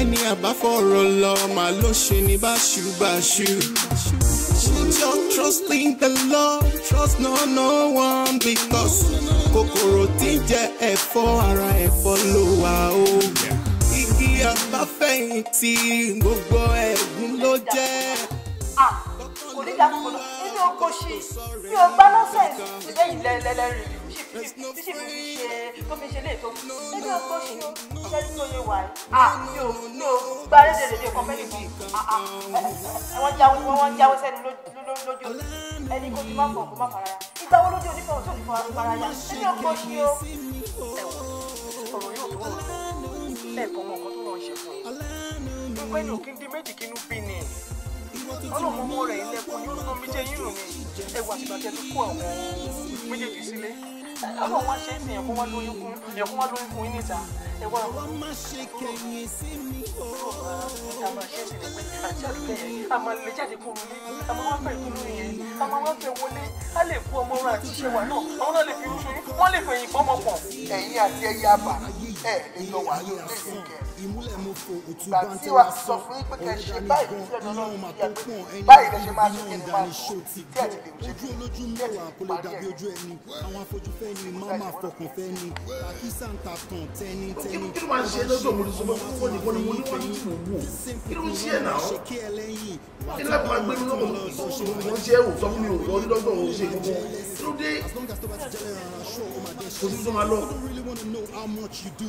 ẹni àbáfọ̀rọ̀ lọ màá ló ṣe ní báṣubàṣu. Just trust in the Lord, trust no no one because kòkòrò tí ń jẹ ẹ̀fọ́ ara ẹ̀fọ́ ló wà o. Igi àbáfẹ̀yìntì gbogbo ẹ̀gún ló jẹ́. Ah, kò ní dàpọ̀ lọ, inú oko ṣì, mi ò gbá lọ́sẹ̀ ìsìn lẹ́yìn títí mi fi ṣe tó fi ṣe léètò ah, nígbà ah, ah. tó ṣe ṣẹ́ni ọlọ́mọ ọmọ rẹ̀ ilẹ̀kùn yóò ná méjèèjì rò ní ẹwà àtìgbàtẹ́ tó kó àwọn méjèèjì sílé àwọn wọn ṣe é fi ẹ̀kọ́ wọn lóyún fún ẹ̀kọ́ wọn lóyún fún yín níta ẹ̀kọ́ wọn máa ṣe kẹ̀yìn sí mi o. a máa ṣe é sílẹ̀ pé àti àdúgbò yẹn a máa lè jáde kúrò ní a máa wọ́n fẹ́ ìkúrú yẹn a máa wọ́n fẹ́ wọlé a lè kú ọmọ ọ̀rọ̀ àti ìṣẹ̀wà náà àwọn náà lè fẹ̀yìn bọ́mọ ẹ̀yìn àti ẹ̀yà àbà ẹ̀ lè yọ wá yóò lè ní kẹrin. ìmúlẹ̀ òtún bá ń tẹ́wọ́ sọ fún yín pé kẹ́ ṣe báyìí ní ọ̀dọ́ náà ní ìyàgbé báyìí lè ṣe máa ṣe kéde máa ṣe tí ẹ̀ ti lè ojú olójú mẹ́wàá kò lè dàbí ojú ẹni àwọn afojúfẹ́ ni máa máa fọkàn fẹ́ ni àkísà ń tàn tẹ́ni tẹ́ni. kí ló máa ń ṣe lọ́dọ̀ mo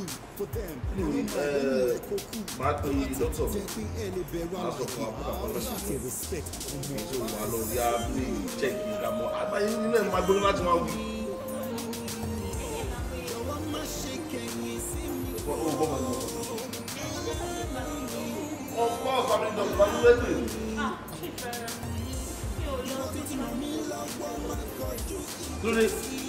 ní ẹ máa pe dókítà mi máa sọ fún àbúrò àbúrò sí mi ṣé o wà lọ rí abúlé jẹ́kì ìdààmú àgbáyé nílẹ̀ máa gbóná láti máa wí. ọgbọ́n ọ̀sán mi dọ̀tí wájú lẹ́gbẹ̀ẹ́. lórí.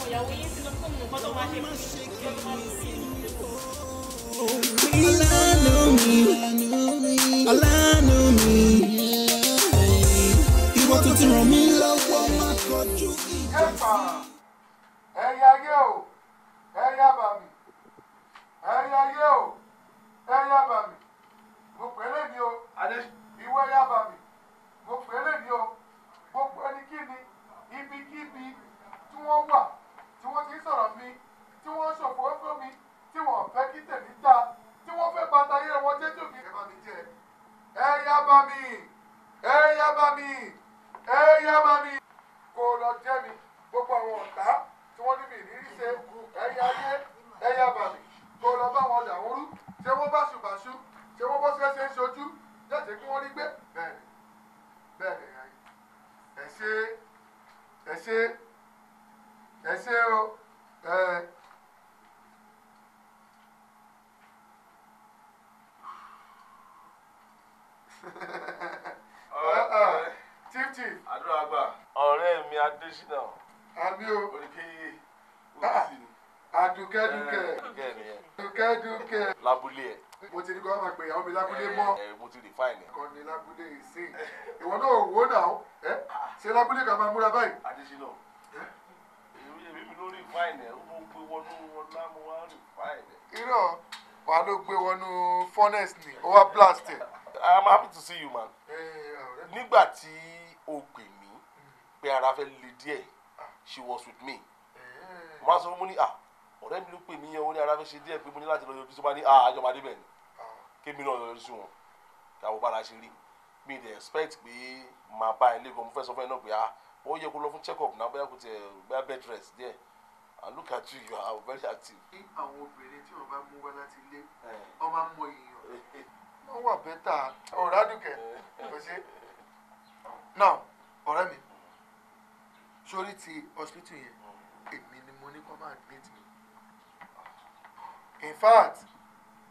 àwọn ìyàwó yín sí lọ sí. àdúrà gbà ọ̀rẹ́ mi adésínà. àmì o. oríkèyè òsì ah, ah. eh, ni. àdùkẹ́dùkẹ́. àdùkẹ́ nìyẹn. àdùkẹ́dùkẹ́. lábúlé ẹ̀. mo ti ní kó wá máa pè àwọn mi lábúlé mọ́. ẹ eh, eh, mo ti rìfáìnì. kọ́ni lábúlé yìí sí. ìwọ náà wò náà ẹ ṣe lábúlé kan máa múra báyìí. adésínà èmi mi ló rìfáìnì ẹ ó mú pé wọnú wọn lámú wá rìfáìnì. irọ́ wà ló gbé wọnú furnace ni ó wá blast ẹ̀. I am happy to see you man. nígbà tí ó gbè mí pé ara fẹ́ le díẹ̀ she was with me mo sọ fún mo ní à ọ̀rẹ́ mi ló pè mí yẹn ó ní ara fẹ́ ṣe díẹ̀ pé mo ní láti lọ yọjú tó bá ní à àjọba débẹ̀ ni kémi náà lọ sí wọn káwọ bára ṣe rí mi dey expect pé màá bá ilé gan mo fẹ́ sọ fún ẹ náà pé à ó yẹ kó lọ fún check up náà bóyá kò tiẹ̀ bóyá bed rest díẹ̀ and look at you you are very active. ní àwọn obìnrin tí wọn bá mú wá láti ilé eh. wọn máa ń mọ èèyàn wọn wà bẹ́tà ọ̀rádùkẹ́ kò ṣe é now ọ̀rẹ́ mi sórí ti hospital yẹn èmi ni mo ní kó máa admit mi in fact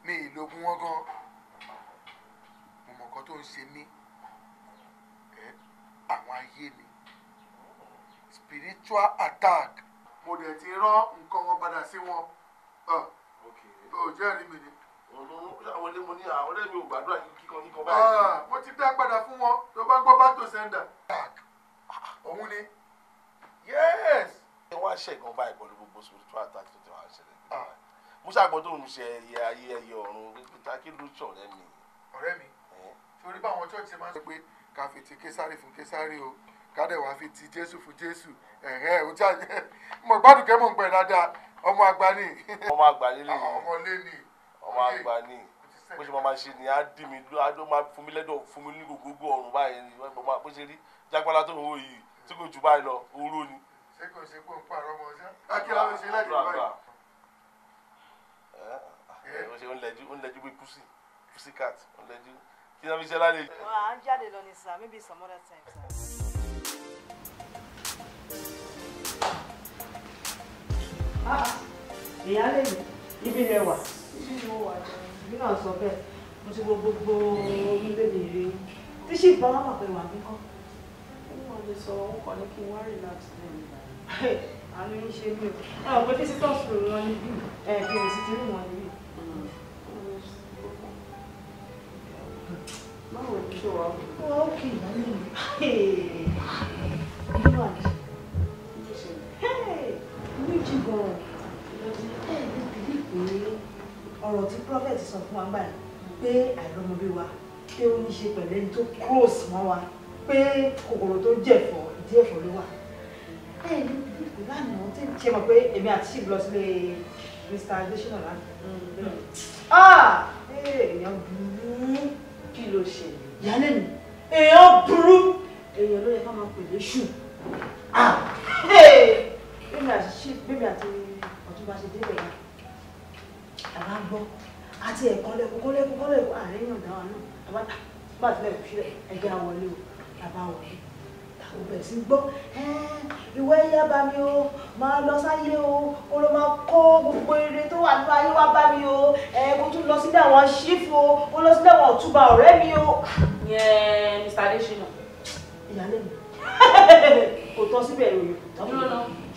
mi ì lógún wọn gan mo mọ̀ nǹkan tó ń ṣe mí àwọn ayé mi spiritual attack mo dẹ̀ ti rán nǹkan wọn padà sí wọn ah, ò jẹ́rìí mi ni àwọn ilé mo ní àwọn ọ̀rẹ́ mi ò gbàdúrà kíkan kíkan báyìí. Ah, mo ti dá padà fún wọn tó bá gbọ́ bá tó sẹ́ńdà. òun ni yes. ẹ wá ṣẹ̀gàn báyìí pẹ̀lú gbogbo spiritual attack tó ti wá ṣẹlẹ̀ ah. musa gbọdọ ń ṣe ẹyẹ ayé ẹyẹ ọ̀run peter kí ló ṣe ọ̀rẹ́ mi. ọ̀rẹ́ mi torí báwọn church máa ń sọ pé ká fi ti késárì fún késárì o ká dẹ̀ wá fi ti jésù fún jésù ẹ̀hẹ́ ọjà mo gbádùn kẹ́ mò ń pẹ́ dáadáa ọmọ àgbà ni. ọmọ àgbà lélẹ́yìn ah, ọmọ lélẹ́yìn ọmọ àgbà ni bó ṣe máa ṣe ni á dì mí ló máa fún mi lẹ́dọ̀ fún mi ní gbogbo ọ̀run báyìí ni bó ṣe rí jágbálá tó ń wò yìí tí kò jù báyìí lọ oró ni. ṣé kò ṣe kó ń pààrọ̀ ọmọ ọ̀sán? akíyà ló ṣe lẹ́yìn báyìí. ẹ ẹ ó ń lẹ́jú ń lẹ́jú bí pussy pussy cat ń lẹ́jú kí ni wọ́n fi ṣe láre. wà jáde lọ ní sir maybe some other time tí mo wà jẹun ìbí bẹ́ẹ̀ mo ti wo gbogbo ilé mi rí tí sì bá wọn pè wà kíkọ́. mo lè sọ òun kàn ní kí n wá rí láti ní ìgbà yìí. àánú yín ṣe mí o ẹ ò pé kí sítọ́ọ̀sì rò wọn níbí ẹ bí ẹ sì ti rí wọn níbí. báwo ni mm. ṣé wàá wò. ó kì í lálẹ́ mi. ìlú àdé. méjì gan-an. ẹ ẹ bí bìlí pé ọ̀rọ̀ tí prophet sọ fún wa gbà pé àìrọ́mọbí wa pé ó ní ṣe pẹ̀lú ẹni tó close mọ́ wa pé kòkòrò tó jẹ̀fọ́ ìdí ẹ̀fọ́ ló wà bẹ́ẹ̀ ni kò lánàá tí ṣe mọ̀ pé èmi àti ṣì lọ sílé mr adesina lánàá mm-hmm. ah èèyàn burú kí ló ṣe ìyálé mi èèyàn burú èèyàn ló yẹ ká máa pè léṣù ah bẹ́ẹ̀ mi àti ọ̀tún bá ṣe débẹ̀ yẹn àbá gbọ́ àti ẹ̀kan lẹ́kọ̀ọ́ kọ́ lẹ́kọ̀ọ́ kọ́ lẹ́kọ̀ọ́ ààrẹ yàn dáwà náà àbá tà bá tilẹ̀ fílẹ̀ ẹ̀jẹ̀ àwọlé o làbá wọlé tàbí bẹ̀rẹ̀ sí gbọ́ ìwé yá bá mi o máa lọ sáyé o kó ló máa kó gbogbo eré tó wà nínú ayé wá bá mi o kó tún lọ sílé àwọn ṣífù kó lọ sílé àwọn ọ̀túnba ọ̀rẹ́ mi o. yẹn Mr. Adesina. ìyáálé kò tọ́ síbẹ̀ ìròyìn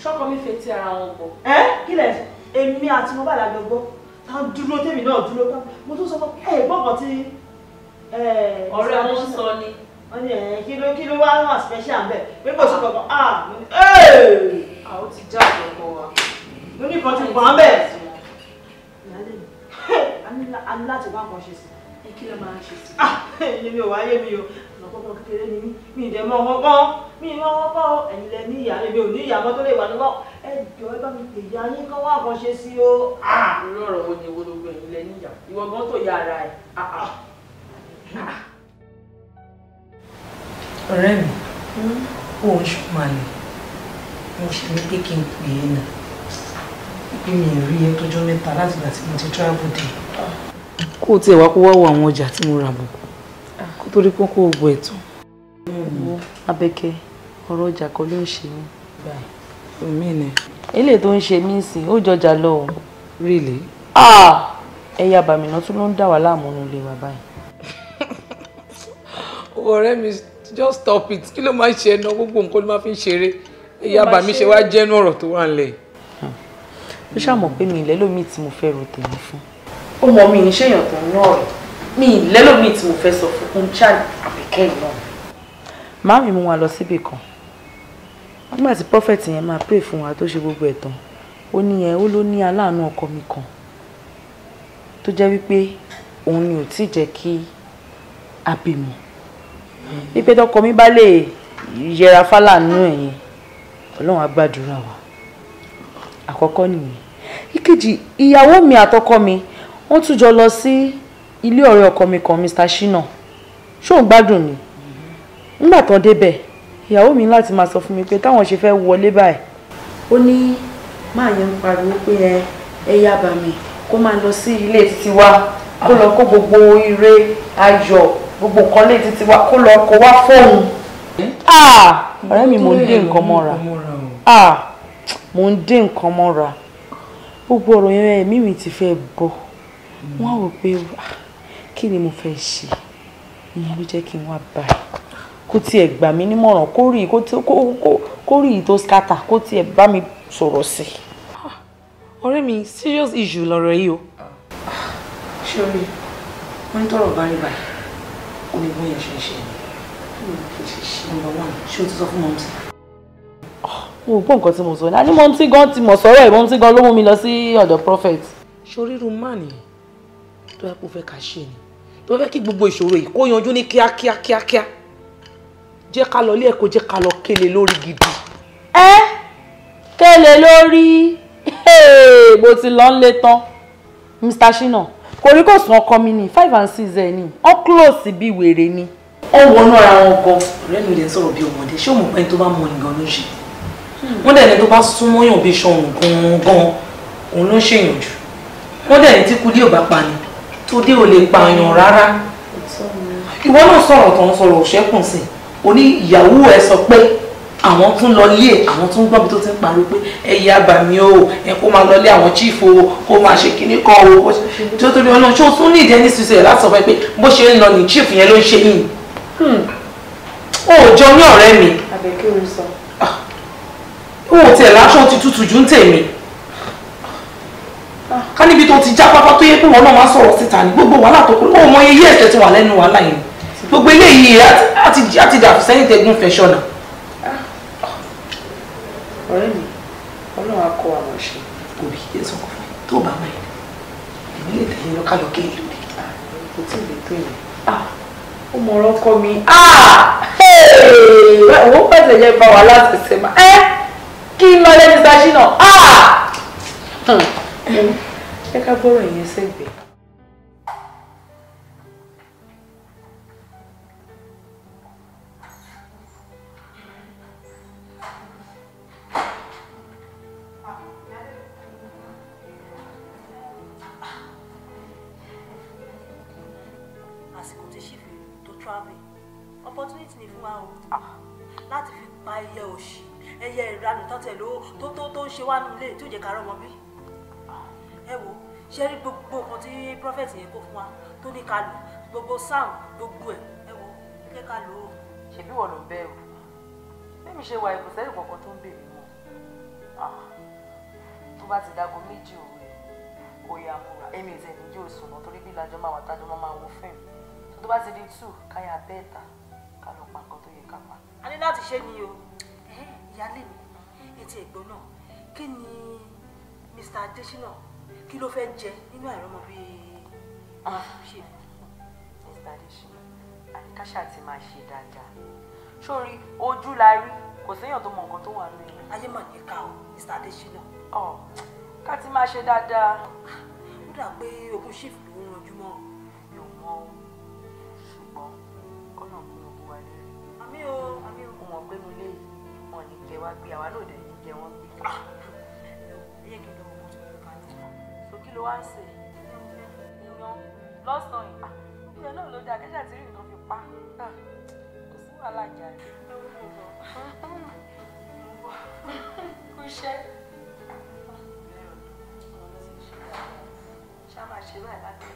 ṣọ́kọ mi fetí ara wọn pọ̀. ẹ kílẹ̀ èmi àti mo bá làgbẹ́ gbọ́ tá a dúró tèmi náà dúró tá mo tún sọ fún ẹ gbọ́ngàn tí. ọ̀rẹ́ wọn sọ ni. wọ́n ní ẹ̀ kí ló kí ló wá wà special bẹ́ẹ̀ pé kò sí kankan ah àwọn ti já àgbọ̀kọ̀ wa. mo ní kan ti gbọ́n á bẹ̀. a ní láti wá kan ṣe sí ẹ kí ló máa ń ṣe sí. Ah, èmi ò wáyé mi o ọ̀pọ̀pọ̀ kékeré ni mí mi ì dẹ̀ mọ ọwọ́ pọ́n mi ì mọ ọwọ́ pọ́n ẹ̀yin lẹ ní ìyá mi ò ní ìyá ẹ jọ ẹ bá mi tèjì ayé kán wá kan ṣe sí o. irú ọ̀rọ̀ wo ni ewo ló gbé ẹ̀yìn lẹ níyà ìwọ gan tó ya ara ẹ̀. Ah, ah. ọ̀rẹ́ mi òun hmm? ṣùpàlẹ̀ mo ṣe ní pé kí n pè é nà pé mi ò rí ẹ tọ́jọ́ mẹ́ta láti ìgbà tí mo ti travel dé. kó o tiẹ̀ wá kó wá wo àwọn ọjà tí mo rà bọ̀ ah. kó tó rí pọ́n kó o gbọ́ ẹ̀ tán. abẹ́kẹ́ ọ̀rọ̀ ọjà kan ló ń ṣe mí omi ni. eléyìí tó ń ṣe mí sìn ó jọjà lọ o. really. Ah! ẹyà bàmìnà tún ló ń dà wá láàmú nílé wa báyìí. ọ̀rẹ́ mi just stop it kí ló máa ń ṣe ẹnu gbogbo nǹkan ló máa fi ń ṣeré ẹyà bàmí ṣe wá jẹ́nu ọ̀rọ̀ tó wà nílẹ̀. ó hmm. ṣàmọ̀ pé mi ìlẹ́ lómi tí mo fẹ́ ro tèmi fún. ó mọ mi ìṣèyàn tó ń rán mi ìlẹ́ lómi tí mo fẹ́ sọ fún kúńchá àbíkẹ́ ìlọ́run. má mi mú wa lọ síbì kan nígbà tí prophet yẹn máa pray fún wa tó ṣe gbogbo ẹ̀tàn ó ní yẹn ó ló ní aláàánú ọkọ mi kan tó jẹ́ wípé òun ni ò tí jẹ́ kí a bímọ wípé tọkọ mi bá lè yẹra fálànú ẹ̀yìn ọlọ́run á gbàdúrà wa àkọ́kọ́ nìyẹn ìkejì ìyàwó mi àtọkọ mi wọ́n tún jọ lọ sí ilé ọ̀rẹ́ ọkọ mi kan Mr. Shina ṣóun gbádùn ni nígbà tó débẹ̀ ìyàwó mi láti máa sọ fún mi pé táwọn ṣe fẹ́ wọlé báyìí. ó ní máa yẹn ń pariwo pé ẹ ẹ yá bà mí kó máa lọ sí ilé títí wa kó lọ kó gbogbo ire ayọ̀ gbogbo nǹkan lé títí wa kó lọ kó wá fóun. ọ̀rẹ́ mi mò ń dé nǹkan mọ́ra mò ń dé nǹkan mọ́ra gbogbo ọ̀rọ̀ yẹn ẹ̀mí mi ti fẹ́ bọ̀ wọ́n á pé ah, kí ni mo fẹ́ ṣe ìyẹn ló jẹ́ kí n wá báyìí kó tiẹ̀ gbà mí nímọ̀ràn kó rí kó rí tó scatter kó tiẹ̀ bá mi sọ̀rọ̀ sí. Ah, ọ̀rẹ́ mi serious issue lọ̀rọ̀ yìí o. ṣorí wọ́n ń tọrọ bárí báyìí kò ní bóyá ṣe ń ṣe number one ṣé o ti sọ fún mọ́mùsí. Ah, mo gbọ́ nǹkan tí mo sọ ní a ní mọ́mùsí gan ti mọ̀ sọ́rọ̀ ẹ̀ mọ́mùsí gan ló mú mi lọ sí ọ̀dọ̀ prophet. ṣorí irú máà nìyẹn tó yẹ kó fẹ́ ká ṣe ni tó fẹ́ kí gbogbo ìṣòro yìí kó yanjú ní kíákíá kíákíá jẹ́ ká lọ ilé ẹ̀kọ́ jẹ́ ká lọ kele lórí gidi. ẹ kele lórí mo ti lọ ń lé tán Mr. Shina koríkòsùn ọkọ mi ni five and six ẹ ni ọ close bí wèrè ni. ó wọnú ara wọn gan ọ̀rẹ́ mi lè sọ̀rọ̀ bí ọmọdé ṣé òun pẹ́ni tó bá mọ nǹkan ló ṣe wọ́n dẹ̀ ní tó bá súnmọ́ yàn bí sọ̀rùn gan-an òun ló ṣèyàn jù wọ́n dẹ̀ ní tí kúdí ò bá pa ni tó dé ò lè pààyàn rárá ìwọ náà sọ̀rọ̀ tó ń sọ̀rọ̀ òṣẹ́kùn sí i o ní ìyàwó ẹ sọ pé àwọn tún lọ lé ẹ àwọn tún gbọ́n bí tó ti ń pariwo pé ẹ yá bà mí o ẹ kó máa lọ lé àwọn chief o kó máa ṣe kinní kan o tí ó tóbi ọlọ́run ṣó tún ní ìdí ẹni ṣiṣẹ́ láti sọ fún ẹ pé bó ṣe ń lọ ní chief yẹn ló ń ṣe yìí hmm. o ò jọ ní ọ̀rẹ́ mi ah. o ò tẹ̀ láṣọ ti tutù jù ń tèmi ah. ká níbi tó ti já pápá tó yẹ pé wọn náà máa sọ̀rọ̀ síta ní gbogbo wàhálà tó kú ó mọ iye yẹ́ẹ̀sẹ̀ tí wà lẹ́nu wàhálà yẹn gbogbo eléyìí àti dàbí sẹ́yìn tẹ́gùn fẹ̀ṣọ́ náà. ọ̀rẹ́ mi ọlọ́run á kọ́ àwọn ṣe kò bí yé sọ́kọ̀ fún mi tó bá wáyé èmi lè tẹ̀lé lọ kálọ̀ kéèlì mi. kò tí ì lè tó yẹn. Ah. ó mọ ọ̀rọ̀ ọkọ mi. owó pẹ̀sẹ̀ yẹn bá wa láti ṣe máa ẹ́ kí n lọ lẹ́nu sáṣí náà. Ah! Hmm. ẹ ká gbọ́rọ̀ ìyẹn sẹ́gbẹ̀ẹ́. àsìkò ti ṣì fi tó travel opportunity ni fún wa o ah. láti fi pa ẹyẹ òṣì ẹyẹ ìranù tọ́tẹ̀ ló tó tó tó ń ṣe wá nílé tí ò jẹ́ ká rọ́mọ bí ẹ wo ṣe rí gbogbo nǹkan tí prophet yẹn kó fún wa tó ní ká lò gbogbo sam gbogbo ẹ ẹ wo jẹ́ ká lò ó. ṣèbí wọ́n ló ń bẹ̀rù bẹ́ẹ̀mi ṣe wà ipò sẹ́yìn kankan tó ń bèrè mọ́ ah. tó bá ti dago méjì òwe kò yá múra èmi ìzẹ̀ níjó ìsùnà torí bí lajọ́ máa wà tájọ́ máa wo fíìmù tó bá ti di two káyà bẹ́ẹ̀ta ká lọ pa nǹkan tó yẹ ká pa. a ní láti ṣe ni o ìyáálé mi etí ẹ̀gbọ́n náà kí ni Mr. Adesina kí ló fẹ́ jẹ nínú àìrọ́mọ bí ah, ṣe. Mr. Adesina àníkáṣà ti máa ṣe dáadáa sórí ojú la rí kò séèyàn tó mọ nǹkan tó wà lóyún. ayé mà ní ká o Mr. Adesina. ọ oh, ká ti máa ṣe dáadáa. ó dà pé ogun ṣífù jẹ wá gbé àwa náà dẹ̀ ní jẹ wọ́n gbé. ẹ̀yẹ́ ah! kí n tó lọ bá ní. so kí ló wá ń ṣe? yan lọ́sàn-án ìgbà ah! náà ló dáa kẹ́sà tí ìrìnà fi pa ah! kò sí wàhálà jà rẹ̀. kú iṣẹ́. ṣá máa ṣe báyìí láti.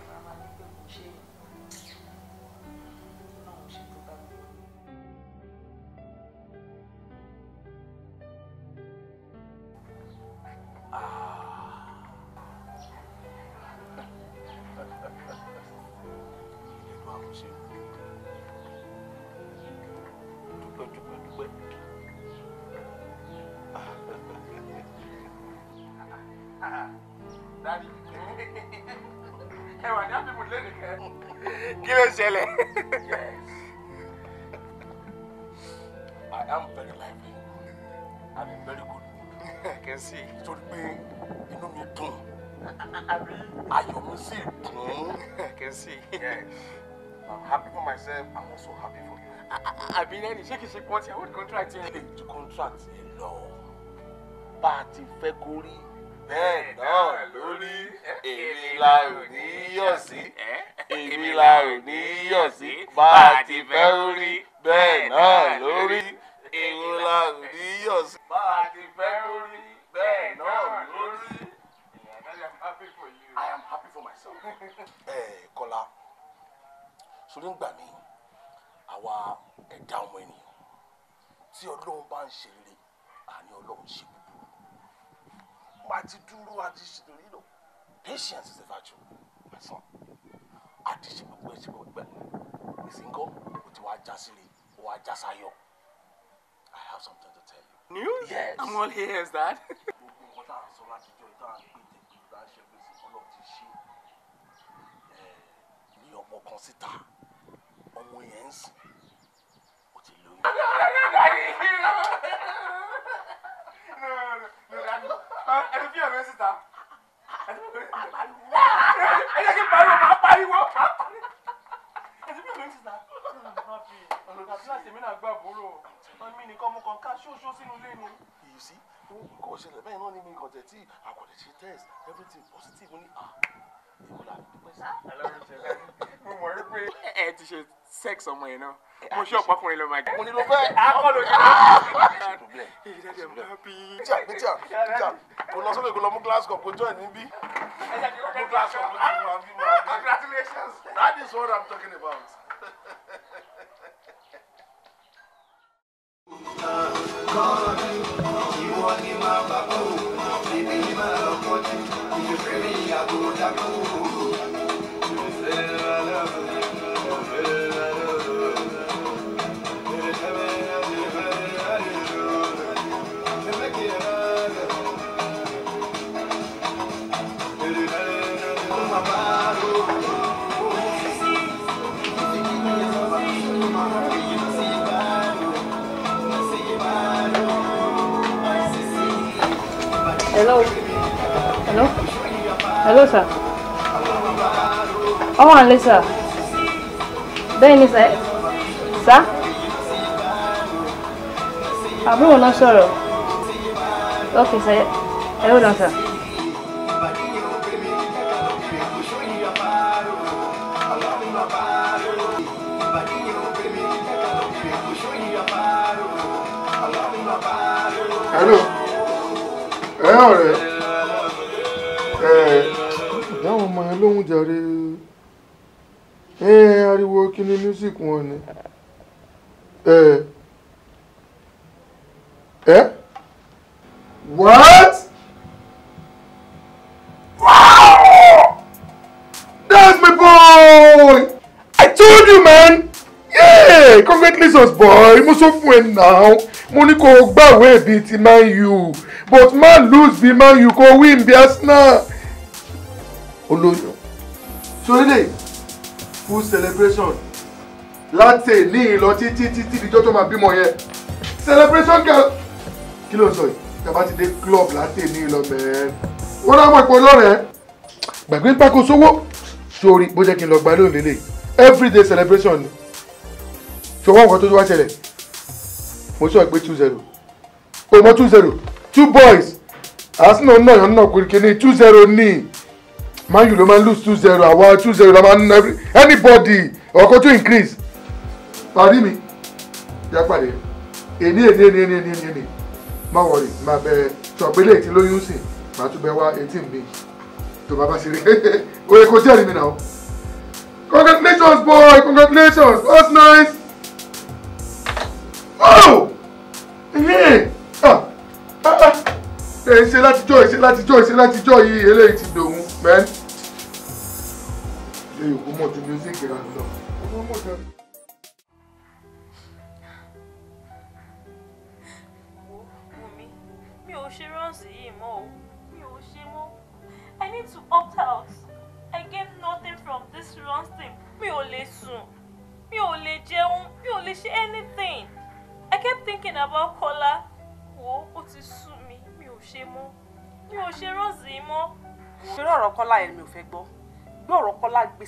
ló ṣẹlẹ̀. I am very lively I'm in very good mood. I can see. so the pain, you know me too. I dùn. I can see. Yes. I'm happy for myself I'm also happy for you. àbí lẹ́nu ṣé kìí ṣe pọ́n ti àwọn contract yẹn. lè ju contract yẹn lọ bá a ti fẹ́ kó rí bẹ́ẹ̀ náà lórí èrè la ò ní èmi la ò ní yọ̀ sí bá a ti fẹ́ rí bẹ́ẹ̀ náà lórí èmi la ò ní yọ̀ sí bá a ti fẹ́ rí bẹ́ẹ̀ náà lórí. I am happy for myself. Ẹ Kọ́lá, sórí ń gbà mí, àwa ẹ̀dá ọmọ ènìyàn tí Ọlọ́run bá ń ṣe rere, àní Ọlọ́run ṣe búburú. Màá ti dúró àti ṣèlérí lọ. Patience is a virtue, my son àti ṣe gbogbo ẹ̀ gbogbo ẹ̀ gbèsè ńkọ́ o ti wá já sílẹ̀ o wá já sáyọ̀ I have something to tell you. News? Yes. I'm all ears, Dad. gbogbo nǹkan tá sọ láti jọ ìtàn àti ìgbà ṣe gbèsè ọlọ́ ti ṣe ní ọmọ kan síta ọmọ yẹn ń sìn o ti lóyún. ẹni fi ọ̀rẹ́ síta. ẹ jẹ́ kí n bá yọ̀ bá pariwo. èsì mi ò lóyún sísá àti láti èmi náà gbà búrò mi nìkan mo kàn ká ṣóṣó sínú ilé ni. you see nǹkan ọ̀ṣẹ̀lẹ̀ bẹ́ẹ̀ náà ni mi kàn tẹ̀ tí ṣe test everything positive ní mo mọ̀ rí pé ẹ ti ṣe sex ọmọ yẹn náà mo ṣe ọ̀pọ̀kùnrin lọ́mọ àgbẹ̀. mo ní ló fẹ́ akọ́lò ṣe. ìdílé ẹ̀ mú kò lọ sókè kò lọ mú glass cup kò jọ níbí. Congratulations. That is what I'm talking about. Ìwọ hello sir ọmọ àlẹ eh? sir Then, ni sir sir àbúrò not sure. Okay, sir Hello, sir. Hello. Hello. lóhun jàre ẹ ariwo kíni music wọn ni ẹ what wow that's my boy I told you man yeah congratulations boy mo sọ fún ẹ now mo ní kó o gbàwé bíi ti Man U but man lose bíi Man U kó win bíi Arsenal olóyún sórí lè full celebration láti ní ìlọ títí títí ìjọ tó máa bímọ yẹn celebration girl kí ló ń sọ yìí tàbá ti dé club láti ní ìlọ bẹ́ẹ̀ wọ́n náà mọ̀ pé lọ́rẹ̀ẹ́ gbàgbé pákó sówó sórí bó jẹ́ kí n lọ gba lóun lélẹ̀ everyday celebration ni ṣọwọ́ nǹkan tó tó wá ṣẹlẹ̀ mo sọ pé two zero o two zero two boys àásìnà náà yọ̀ náà kúrìkì ní two zero ní man you ló man lose two zero àwa two zero la máa ń every anybody ọkọ tó increase parí mi já pàdé èní èní èní èní èní èní má wọlé má bẹ sọpẹ́lẹ̀ ètí lóyún sìn má tún bẹ wá eighteen mi tó bá bá ṣeré oye kò jẹ́rìí mi náà congratulations boy congratulations that's nice oh yeah. ah ah ah ẹ ṣe látijọ́ ẹ ṣe látijọ́ ẹ ṣe látijọ́ yìí eléyìí ti dòun mẹ́rin. You mọ̀ music rà lọ.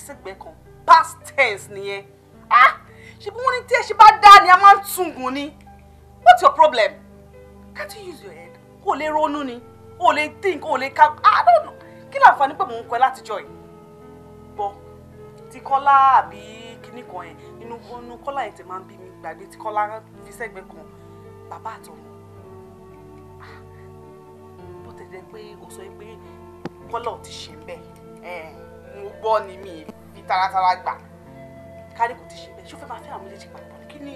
sẹ́gbẹ́ kan past tense nìyẹn ah ṣe bí wọ́n ní tí ẹ ṣe bá dá ni a máa ń tún gùn ni what's your problem can't you use your head kò lè ronú ni kò lè think kò lè calm ah no no kí láǹfààní pé mò ń kọ ẹ látijọ́ yìí bọ́ ti kọ́lá àbí kinní kan yẹn inú inú kọ́lá yẹn ti máa ń bí mi gbàgbé ti kọ́lá fi sẹ́gbẹ́ kan bàbá àtọ̀run ah, bó tẹ̀lé pé ó sọ pé kọ́lá ò ti ṣe bẹ́ẹ̀ mo gbọ́ ni mi fi taratara gbà kárí kò ti ṣe bẹ́ẹ̀ ṣó fẹ́ máa fẹ́ àwọn méjèèjì papọ̀ kí ni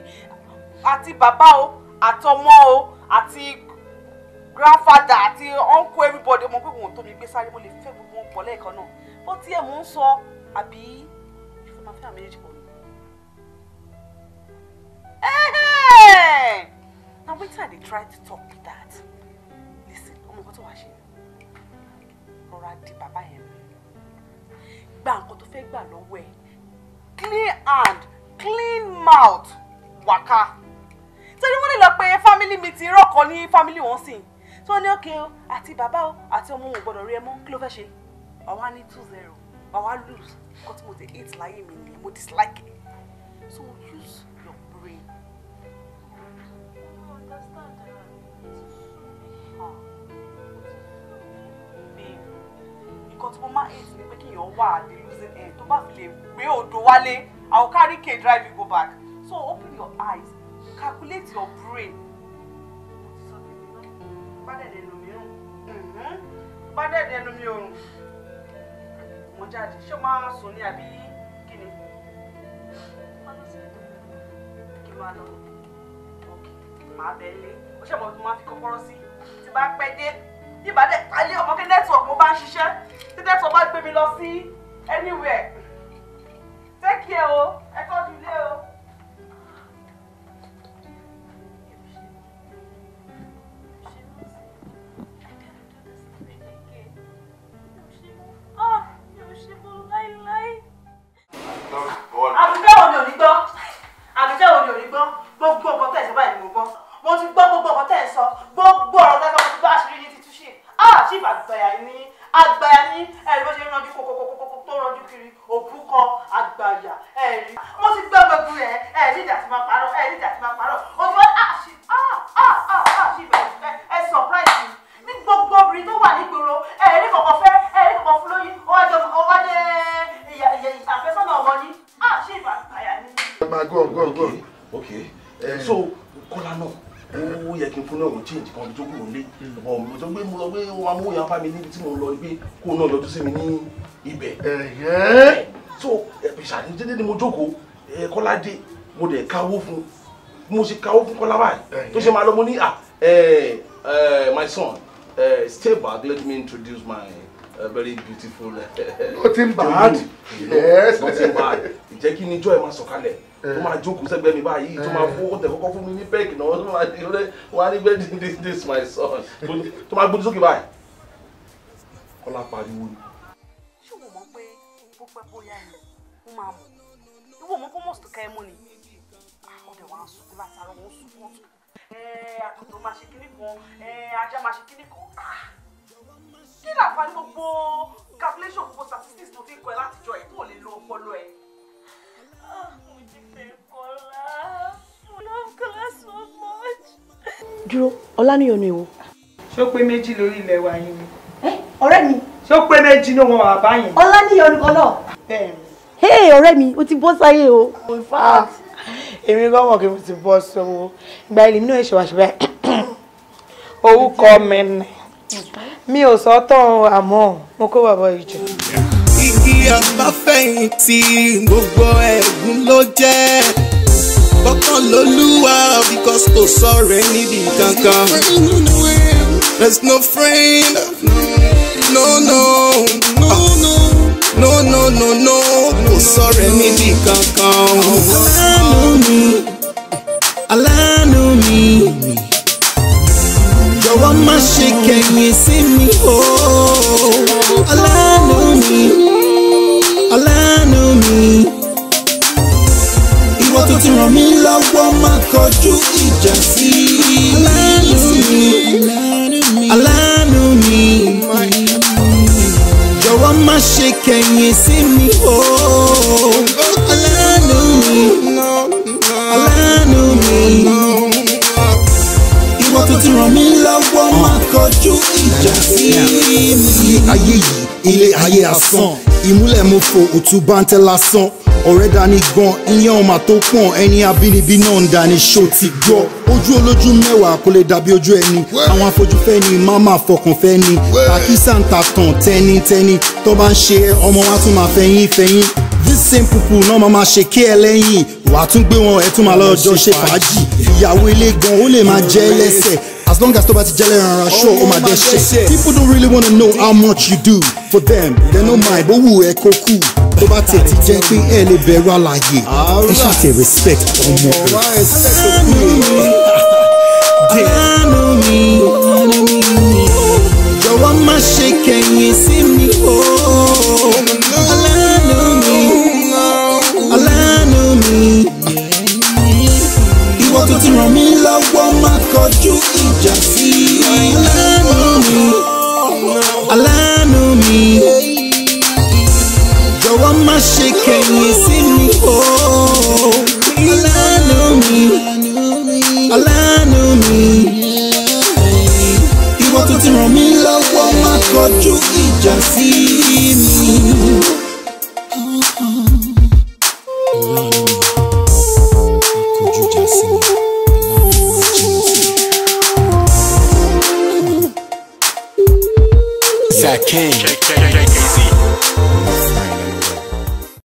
àti bàbá o àtọmọ o àti grandfather àti uncle everybody ọmọ gbogbo tó mi gbé sáré mo lè fẹ́ gbogbo wọn pọ̀ lẹ́ẹ̀kan náà bó tiẹ̀ mò ń sọ àbí ṣó fẹ́ máa fẹ́ àwọn méjèèjì pọ̀ ni. Now wait till they try to talk with that. Listen, ọmọ nǹkan to wàá ṣe rọra di bàbá yẹn gba nǹkan tó fẹ́ gbà lọ́wọ́ ẹ̀ clean hand clean mouth wàká torí wọ́n lè lọ pé family meeting irọ́ kan ní family wọn sìn tí wọ́n ní òkè o àti bàbá o àti ọmọ òun gbọ́dọ̀ rí ẹ mọ́ kí ló fẹ́ ṣe àwa ní two zero àwa lose nǹkan tí mo ti hate láyé mi ni mo dislike it so use your brain. nǹkan tí mo máa hate kéèyàn wà at losing end tó bá fi lè gbé odò wálé I will carry k drive you go back so open your eyes calculate your brain. bá dẹ̀ dẹ̀ lómi òrùn mhm. bá dẹ̀ dẹ̀ lómi òrùn mo jáde ṣé máa sùn ní àbí kí ni kí máa lọ màá bẹ̀ lé ó ṣe mọ̀ tó máa fi kọ́kọ́rọ́ sí tí bá pẹ́ dé ìbàdàn alẹ́ ọmọ kí network mo bá ń ṣiṣẹ́ tí network bá gbé mi lọ sí anywhere take care o. Oh. gbé mo lọ gbé wọn máa mú ìyá bá mi níbi tí mo lọ gbé kó náà yọjú sí mi ní ibẹ̀. ẹ̀yẹ́. so ìṣàní dédé ni mo jókòó kọ́ládé mo dẹ̀ káwó fún mo ṣe káwó fún kọ́lá báyìí tó ṣe máa lọ mo ní ah my son uh, stay back let me introduce my a very beautiful. Eh, nothing bad. You know, yes. nothing bad. Ìjẹ́ kí ni joy máa sọ̀kalẹ̀. Eh. Tó máa jókòó sẹ́gbẹ́ mi báyìí. Tó máa eh. fún ọ̀tẹ̀ kọ́kọ́ fún mi ní pẹ́ẹ̀kì náà. Tó máa di ọ̀rẹ́ wá ní bẹ́ẹ̀ this this my son. Tó máa gbóni sókè báyìí. Kọ́lá pariwo ni. Ṣé o mọ̀ pé gbogbo ẹ̀ bóyá ni ó máa mọ̀? Ìwọ mọ̀ pé mọ̀sítì ká ẹ mú ni. Ọ̀dẹ̀ ah, wa ń sunkún látara wọn sunkún. Àkùtù máa ṣe kíní kan, ajá máa ṣe kíní kan. Ah, kí làǹfààní gbogbo calculation gbogbo statistics tó fi kọ ẹ látijọ́ ẹ̀ kó lè lo ọpọlọ ẹ̀. Ah, mo ti fẹ́ Kọ́lá I love Kọ́lá so much. dúró ọlánìyàn ni o. ṣó pé méjì lórí ilẹ̀ wa yín ni. ọ̀rẹ́ mi. ṣó pé méjì ló wọn wà báyìí. ọlánìyàn ni kọ́lọ́. bẹ́ẹ̀ ni. ọ̀rẹ́ mi o ti bọ́ sáyé o. in fact èmi gan mọ̀ kí mo ti bọ́ sọ́wọ́ ìgbà ìlú mi náà ṣe wá ṣe báyìí orúkọ mi mi ò sọ tán àmọ́ mo kó bàbá yìí jù. igi àbáfẹ̀yìntì gbogbo ẹ̀gún ló jẹ́ bọ́kàn lólúwa because kò sọ̀rọ̀ níbi kankan. There's no friend, no no no ah. no no no no kò sọ̀rọ̀ níbi kankan. àánú mi. ṣe kẹ̀yìn sí mi o ọlánú mi ọlánú mi ìwọ tó ti ràn mí lọ́wọ́ má kọjú ìjà sí ọlánú mi ọlánú mi jọ̀wọ́ má ṣe kẹ̀yìn sí mi o. kọjú ìjà sí mi. ayé yìí ilé ayé asán ìmúlẹ̀ mo fò òtún báńtẹ́ lásán ọ̀rẹ́ dání gan ìyẹn ọmọ tó pọ̀n ẹni abínibí náà ń dání ṣó ti gbọ́ ojú olójú mẹ́wàá kò lè dàbí ojú ẹni àwọn afojúfẹ́ ni má máa fọkàn fẹ́ ni pàkísà ń ta tàn tẹ́nitẹ́ni tó bá ń ṣe ọmọ wa tún máa fẹ́yìn fẹ́yìn this same pupu náà máa máa ṣe kí ẹ lẹ́yìn wàá tún gbé wọn ẹ tún máa lọ́jọ́ ṣe fàájì ìyàwó ilé gan ó lè máa jẹ́ lẹ́sẹ̀ As long as Toba Tijele and Rasho oh, Oma shit People don't really want to know how much you do for them. They know my but who echo cool. Toba Teti Jenkwe like Beralaye. They should say respect on more. Jọ̀wọ́ má ṣe kẹ̀yìn You mi me.